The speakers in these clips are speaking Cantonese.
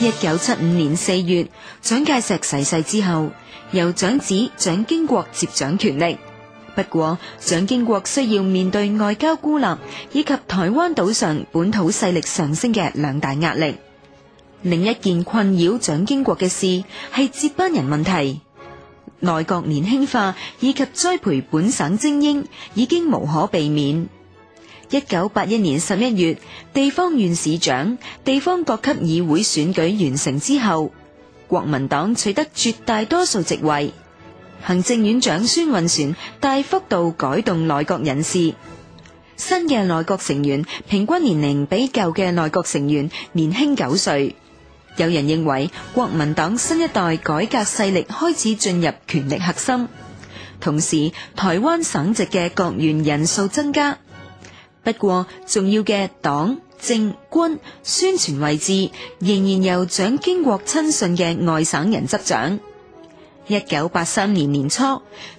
一九七五年四月，蔣介石逝世之後，由長子蔣經國接掌權力。不過，蔣經國需要面對外交孤立以及台灣島上本土勢力上升嘅兩大壓力。另一件困擾蔣經國嘅事係接班人問題，內閣年輕化以及栽培本省精英已經無可避免。一九八一年十一月，地方縣市長、地方各級議會選舉完成之後，國民黨取得絕大多數席位。行政院長孫運璇大幅度改動內閣人事。新嘅內閣成員平均年齡比舊嘅內閣成員年輕九歲。有人認為國民黨新一代改革勢力開始進入權力核心，同時台灣省籍嘅國員人數增加。不過重要嘅黨政軍宣傳位置仍然由蔣經國親信嘅外省人執掌。一九八三年年初，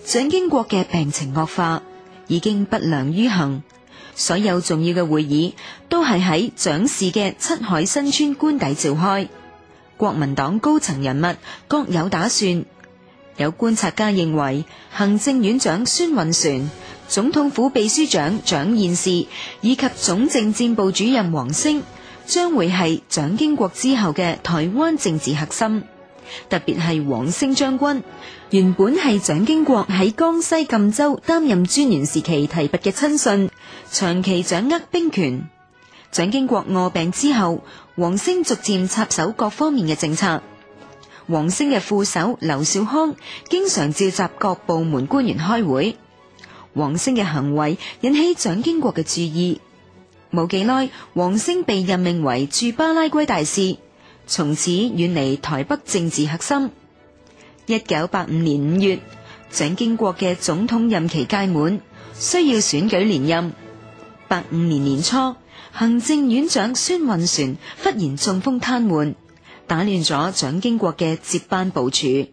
蔣經國嘅病情惡化，已經不良於行。所有重要嘅會議都係喺蔣氏嘅七海新村官邸召開。國民黨高層人物各有打算。有觀察家認為，行政院長孫運璇，總統府秘書長蔣彥士以及總政戰部主任王昇，將會係蔣經國之後嘅台灣政治核心。特別係王昇將軍，原本係蔣經國喺江西贛州擔任專員時期提拔嘅親信，長期掌握兵權。蔣經國臥病之後，王昇逐漸插手各方面嘅政策。王昇嘅副手劉少康，經常召集各部門官員開會。王昇嘅行為引起蔣經國嘅注意，冇幾耐，王昇被任命為駐巴拉圭大使，從此遠離台北政治核心。一九八五年五月，蔣經國嘅總統任期屆滿，需要選舉連任。八五年年初，行政院長孫運璿忽然中風癱瘓，打亂咗蔣經國嘅接班部署。